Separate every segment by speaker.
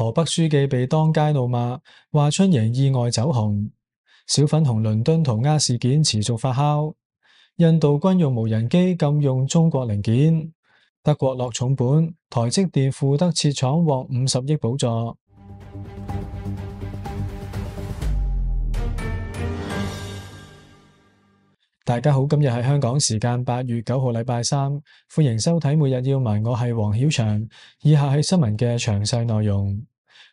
Speaker 1: 河北書記被當街怒罵，華春瑩意外走紅，小粉紅倫敦塗鴉事件持續發酵。印度軍用無人機禁用中國零件，德國落重本，台積電赴德設廠獲五十億補助。大家好，今日係香港時間八月九號，禮拜三，歡迎收睇每日要聞。我係黃曉翔，以下係新聞嘅詳細內容。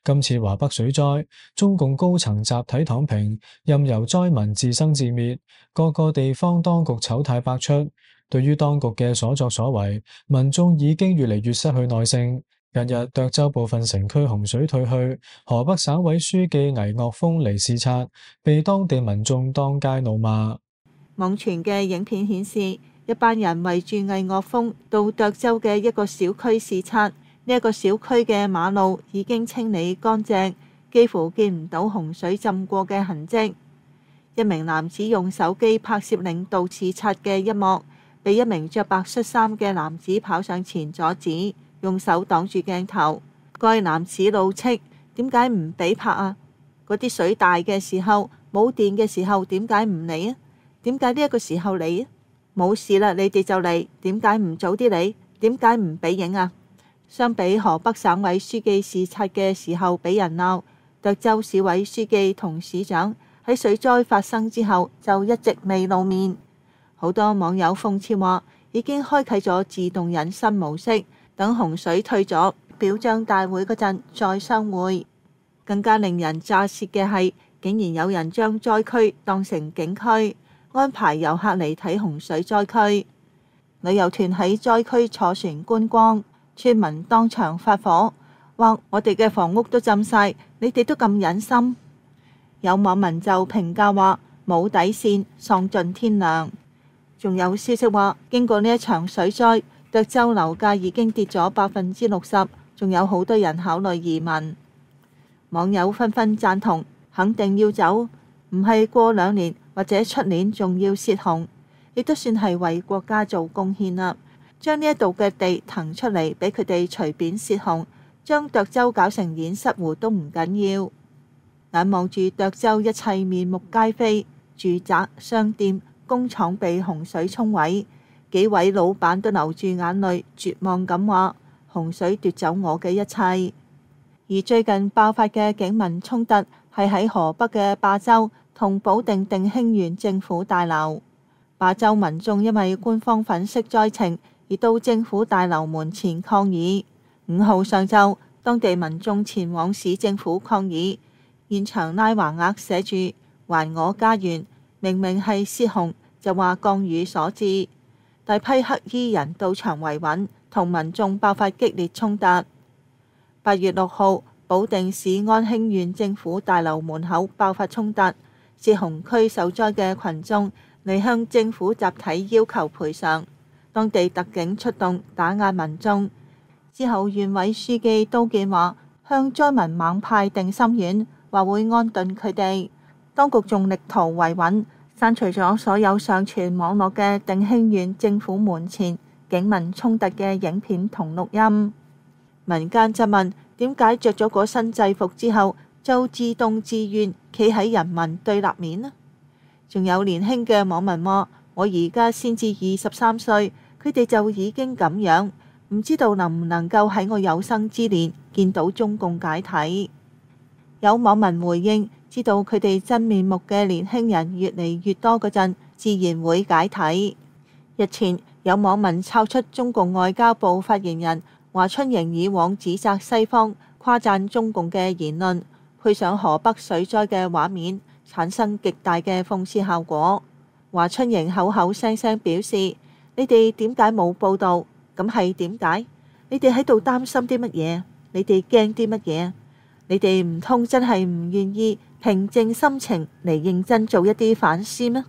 Speaker 1: 今次華北水災，中共高層集體躺平，任由災民自生自滅，各個地方當局醜態百出。對於當局嘅所作所為，民眾已經越嚟越失去耐性，近日，涿州部分城區洪水退去，河北省委書記倪岳峰嚟視察，被當地民眾當街怒罵。
Speaker 2: 網傳嘅影片顯示，一班人圍住倪岳峰到涿州嘅一個小區視察。呢一個小區嘅馬路已經清理乾淨，幾乎見唔到洪水浸過嘅痕跡。一名男子用手機拍攝領導視察嘅一幕，被一名着白恤衫嘅男子跑上前阻止，用手擋住鏡頭。該男子怒斥：點解唔畀拍啊？嗰啲水大嘅時候，冇電嘅時候，點解唔嚟啊？點解呢一個時候嚟啊？冇事啦，你哋就嚟，點解唔早啲嚟？點解唔畀影啊？相比河北省委書記視察嘅時候俾人鬧，涿州市委書記同市長喺水災發生之後就一直未露面。好多網友諷刺話，已經開啟咗自動隱身模式，等洪水退咗表彰大會嗰陣再相會。更加令人乍舌嘅係，竟然有人將災區當成景區，安排遊客嚟睇洪水災區，旅遊團喺災區坐船觀光。村民當場發火，話：我哋嘅房屋都浸晒，你哋都咁忍心。有網民就評價話：冇底線，喪盡天良。仲有消息話，經過呢一場水災，涿州樓價已經跌咗百分之六十，仲有好多人考慮移民。網友紛紛贊同，肯定要走，唔係過兩年或者出年仲要洩洪，亦都算係為國家做貢獻啦。將呢一度嘅地騰出嚟，俾佢哋隨便泄洪，將涿州搞成堰塞湖都唔緊要。眼望住涿州一切面目皆非，住宅、商店、工廠被洪水沖毀，幾位老闆都流住眼淚，絕望咁話：洪水奪走我嘅一切。而最近爆發嘅警民衝突係喺河北嘅霸州同保定定興縣政府大樓。霸州民眾因為官方粉飾災情。而到政府大樓門前抗議。五號上晝，當地民眾前往市政府抗議，現場拉橫額寫住“還我家園”。明明係泄洪，就話降雨所致。大批黑衣人到場維穩，同民眾爆發激烈衝突。八月六號，保定市定興縣政府大樓門口爆發衝突，泄洪區受災嘅群眾嚟向政府集體要求賠償。當地特警出動打壓民眾之後，縣委書記都建華向災民猛派定心丸，話會安頓佢哋。當局仲力圖維穩，刪除咗所有上傳網絡嘅定興縣政府門前警民衝突嘅影片同錄音。民間質問點解着咗個新制服之後就自動自願企喺人民對立面呢？仲有年輕嘅網民話。我而家先至二十三歲，佢哋就已經咁樣，唔知道能唔能夠喺我有生之年見到中共解體。有網民回應：知道佢哋真面目嘅年輕人越嚟越多嗰陣，自然會解體。日前有網民抄出中共外交部發言人華春瑩以往指責西方、誇讚中共嘅言論，配上河北水災嘅畫面，產生極大嘅諷刺效果。華春瑩口口聲聲表示：你哋點解冇報道？咁係點解？你哋喺度擔心啲乜嘢？你哋驚啲乜嘢？你哋唔通真係唔願意平靜心情嚟認真做一啲反思咩？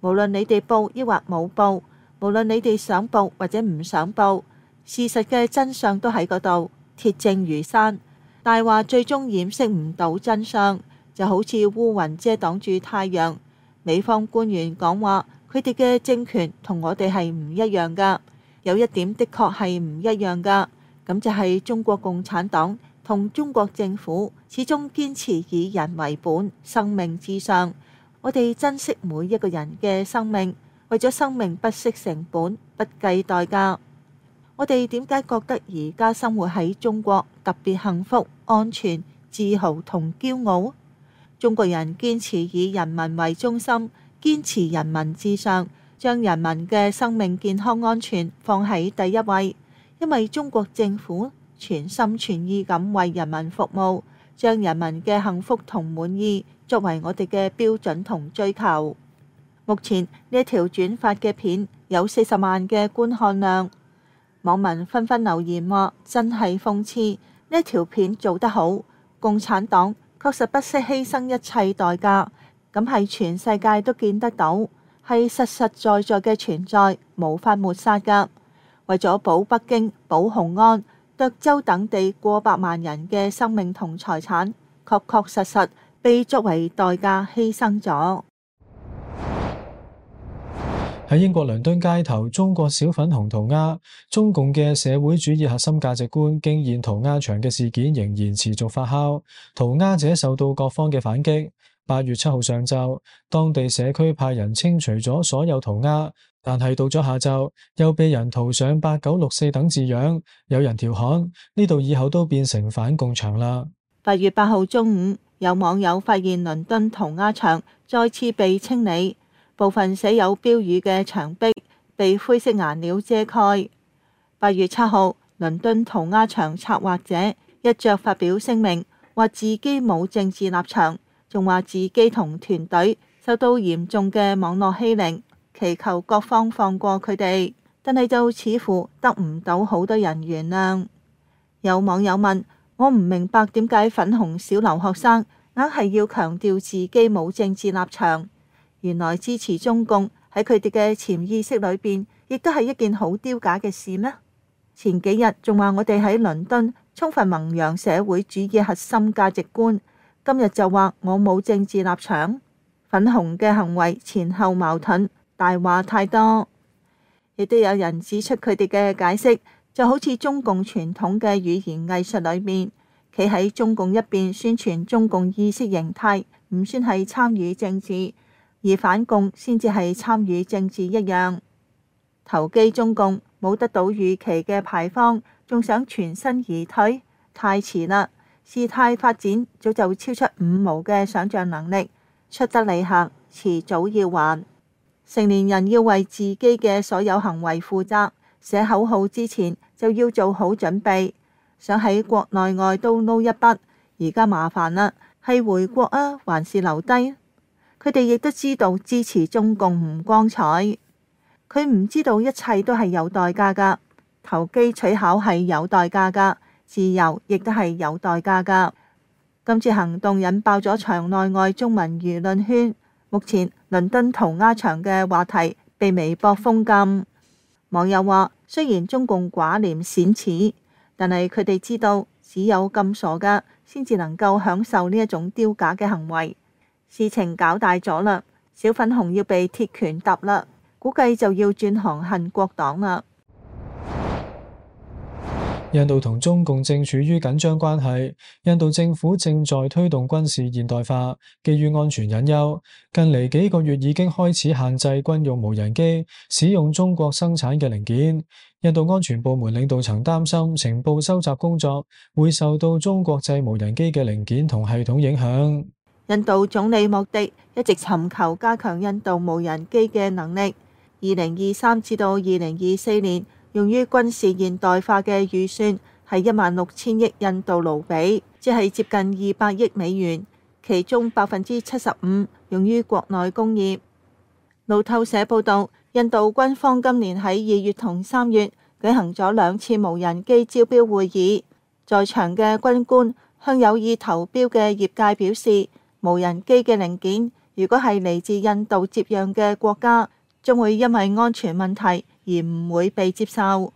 Speaker 2: 無論你哋報抑或冇報，無論你哋想報或者唔想報，事實嘅真相都喺嗰度，鐵證如山。大話最終掩飾唔到真相，就好似烏雲遮擋住太陽。美方官員講話，佢哋嘅政權同我哋係唔一樣㗎。有一點的確係唔一樣㗎，咁就係中國共產黨同中國政府始終堅持以人為本、生命至上。我哋珍惜每一個人嘅生命，為咗生命不惜成本、不計代價。我哋點解覺得而家生活喺中國特別幸福、安全、自豪同驕傲？中國人堅持以人民為中心，堅持人民至上，將人民嘅生命健康安全放喺第一位。因為中國政府全心全意咁為人民服務，將人民嘅幸福同滿意作為我哋嘅標準同追求。目前呢一條轉發嘅片有四十萬嘅觀看量，網民紛紛留言話：真係諷刺，呢條片做得好，共產黨。確實不惜犧牲一切代價，咁係全世界都見得到，係實實在在嘅存在，無法抹殺噶。為咗保北京、保雄安、涿州等地過百萬人嘅生命同財產，確確實實被作為代價犧牲咗。
Speaker 1: 喺英國倫敦街頭，中國小粉紅塗鴉中共嘅社會主義核心價值觀驚現塗鴉牆嘅事件仍然持續發酵，塗鴉者受到各方嘅反擊。八月七號上晝，當地社區派人清除咗所有塗鴉，但係到咗下晝又被人塗上八九六四等字樣。有人調侃呢度以後都變成反共牆啦。
Speaker 2: 八月八號中午，有網友發現倫敦塗鴉牆再次被清理。部分寫有標語嘅牆壁被灰色顏料遮蓋。八月七號，倫敦塗鴉牆策劃者一着發表聲明，話自己冇政治立場，仲話自己同團隊受到嚴重嘅網絡欺凌，祈求各方放過佢哋。但係就似乎得唔到好多人原諒。有網友問我唔明白點解粉紅小留學生硬係要強調自己冇政治立場。原來支持中共喺佢哋嘅潛意識裏邊，亦都係一件好丟架嘅事咩？前幾日仲話我哋喺倫敦充分弘揚社會主義核心價值觀，今日就話我冇政治立場，粉紅嘅行為前後矛盾，大話太多。亦都有人指出佢哋嘅解釋就好似中共傳統嘅語言藝術裏面，企喺中共一邊宣傳中共意識形態，唔算係參與政治。而反共先至係參與政治一樣，投機中共冇得到預期嘅牌坊，仲想全身而退，太遲啦！事態發展早就超出五毛嘅想象能力，出得嚟行，遲早要還。成年人要為自己嘅所有行為負責，寫口號之前就要做好準備。想喺國內外都撈一筆，而家麻煩啦，係回國啊，還是留低？佢哋亦都知道支持中共唔光彩，佢唔知道一切都係有代價噶，投機取巧係有代價噶，自由亦都係有代價噶。今次行動引爆咗場內外中文輿論圈，目前倫敦塗鴉場嘅話題被微博封禁。網友話雖然中共寡廉鮮恥，但係佢哋知道只有咁傻噶，先至能夠享受呢一種丟架嘅行為。事情搞大咗啦，小粉紅要被鐵拳揼啦，估計就要轉行恨國黨啦。
Speaker 1: 印度同中共正處於緊張關係，印度政府正在推動軍事現代化，基於安全隱憂，近嚟幾個月已經開始限制軍用無人機使用中國生產嘅零件。印度安全部門領導曾擔心情報收集工作會受到中國製無人機嘅零件同系統影響。
Speaker 2: 印度總理莫迪一直尋求加強印度無人機嘅能力。二零二三至到二零二四年，用於軍事現代化嘅預算係一萬六千億印度盧比，即係接近二百億美元，其中百分之七十五用於國內工業。路透社報導，印度軍方今年喺二月同三月舉行咗兩次無人機招標會議，在場嘅軍官向有意投標嘅業界表示：無人機嘅零件如果係嚟自印度接壤嘅國家，將會因為安全問題而唔會被接受。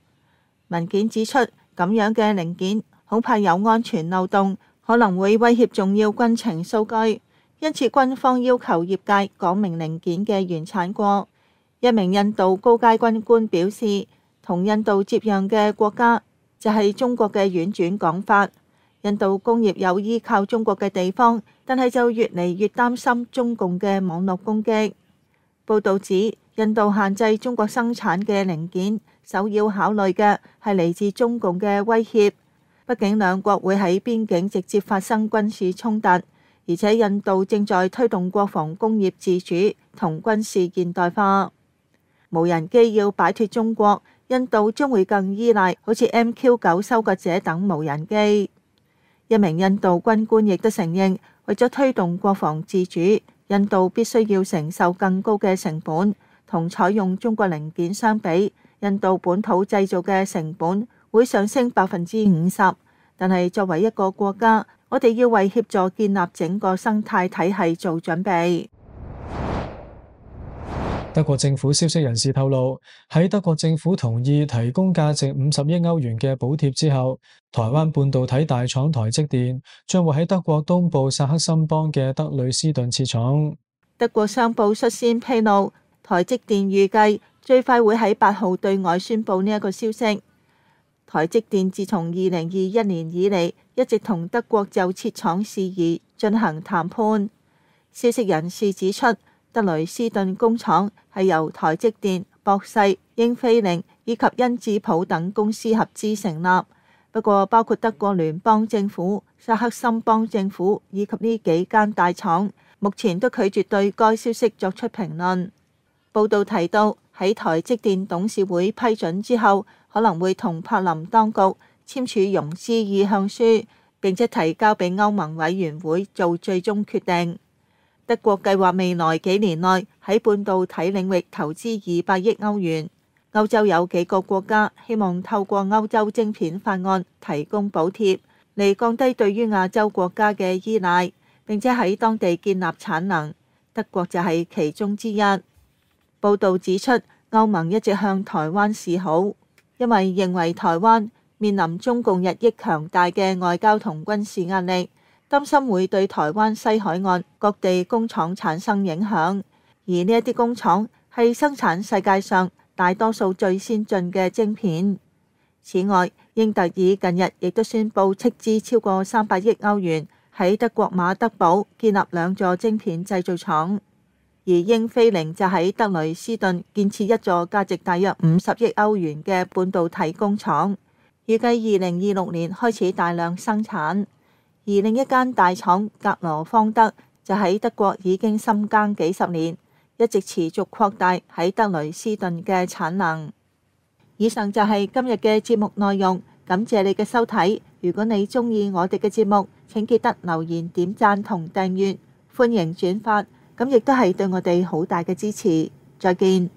Speaker 2: 文件指出，咁樣嘅零件恐怕有安全漏洞，可能會威脅重要軍情數據，因此軍方要求業界講明零件嘅原產國。一名印度高階軍官表示，同印度接壤嘅國家就係中國嘅婉轉講法。印度工業有依靠中國嘅地方，但係就越嚟越擔心中共嘅網絡攻擊。報導指，印度限制中國生產嘅零件，首要考慮嘅係嚟自中共嘅威脅。畢竟兩國會喺邊境直接發生軍事衝突，而且印度正在推動國防工業自主同軍事現代化。無人機要擺脱中國，印度將會更依賴好似 MQ 九收割者等無人機。一名印度軍官亦都承認，為咗推動國防自主，印度必須要承受更高嘅成本。同採用中國零件相比，印度本土製造嘅成本會上升百分之五十。但係作為一個國家，我哋要為協助建立整個生態體系做準備。
Speaker 1: 德國政府消息人士透露，喺德國政府同意提供價值五十億歐元嘅補貼之後，台灣半導體大廠台積電將會喺德國東部薩克森邦嘅德累斯頓設廠。
Speaker 2: 德國商報率先披露，台積電預計最快會喺八號對外宣布呢一個消息。台積電自從二零二一年以嚟一直同德國就設廠事宜進行談判。消息人士指出，德雷斯頓工廠係由台積電、博世、英飛凌以及恩智浦等公司合資成立，不過包括德國聯邦政府、薩克森邦政府以及呢幾間大廠，目前都拒絕對該消息作出評論。報道提到，喺台積電董事會批准之後，可能會同柏林當局簽署融資意向書，並且提交俾歐盟委員會做最終決定。德國計劃未來幾年內喺半導體領域投資二百億歐元。歐洲有幾個國家希望透過歐洲晶片法案提供補貼，嚟降低對於亞洲國家嘅依賴，並且喺當地建立產能。德國就係其中之一。報導指出，歐盟一直向台灣示好，因為認為台灣面臨中共日益強大嘅外交同軍事壓力。擔心會對台灣西海岸各地工廠產生影響，而呢一啲工廠係生產世界上大多數最先進嘅晶片。此外，英特爾近日亦都宣布斥資超過三百億歐元喺德國馬德堡建立兩座晶片製造廠，而英飛凌就喺德雷斯頓建設一座價值大約五十億歐元嘅半導體工廠，預計二零二六年開始大量生產。而另一間大廠格羅方德就喺德國已經深耕幾十年，一直持續擴大喺德累斯頓嘅產能。以上就係今日嘅節目內容，感謝你嘅收睇。如果你中意我哋嘅節目，請記得留言、點讚同訂閱，歡迎轉發，咁亦都係對我哋好大嘅支持。再見。